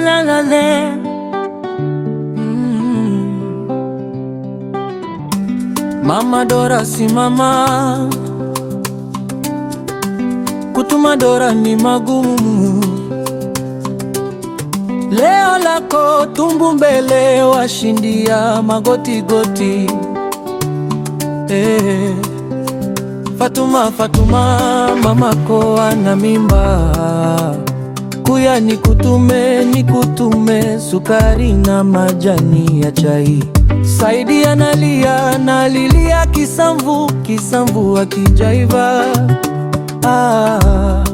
la mm. Mama Dora simama, kutuma Dora ni magumu. Leo lako tumbu mbele, washindia magoti goti. Eh, Fatuma Fatuma, mamako ana mimba Kuya nikutume, nikutume sukari na majani ya chai. Saidi analia, nalilia kisamvu, kisamvu akijaiva. Ah,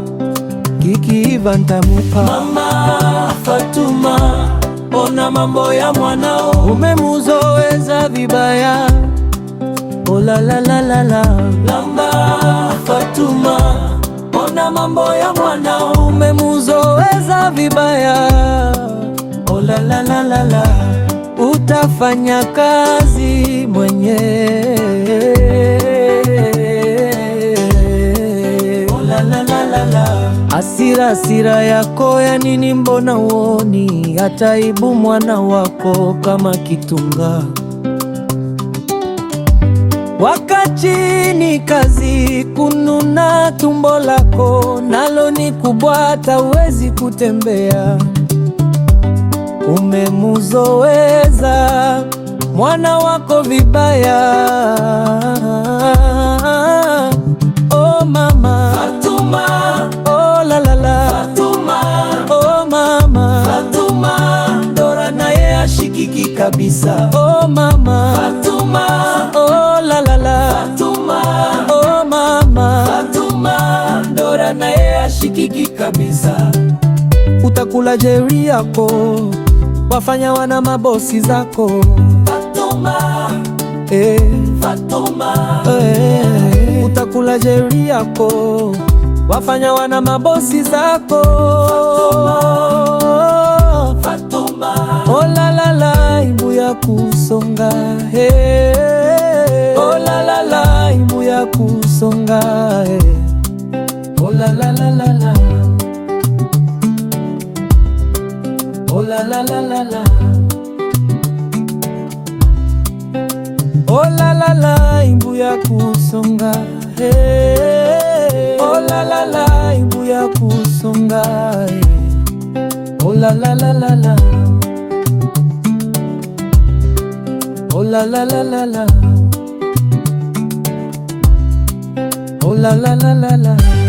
kikiiva ntamupa. Mama Fatuma, ona mambo ya mwanao, umemuzoweza vibaya. Oh, la la la la. la. Lamba Fatuma, ona mambo ya mwanao vibaya, oh la la la la la, utafanya kazi mwenye oh la la la la la. yako ya nini? Mbona uoni hata ibu mwana wako kama kitunga Wakati ni kazi kununa tumbo lako nalo ni kubwa, tawezi kutembea. Umemuzoweza mwana wako vibaya, oh mama Fatuma, oh, oh Dora naye ashikiki kabisa, oh, na naye ashikiki kabisa. Utakula jeri yako, wafanya wana mabosi zako. Fatoma. eh, Fatuma, eh, utakula jeri yako, wafanya wana mabosi zako. Fatuma, Fatuma, oh la la la, imbu ya kusonga eh, oh la la la, imbu ya kusonga eh la la la la la. Oh la la la la la. Oh la la la, imbu ya kusonga. Hey. Oh la la la, imbu ya kusonga. Hey. Oh la la la la la. Oh la la la la la. Oh la la la la la.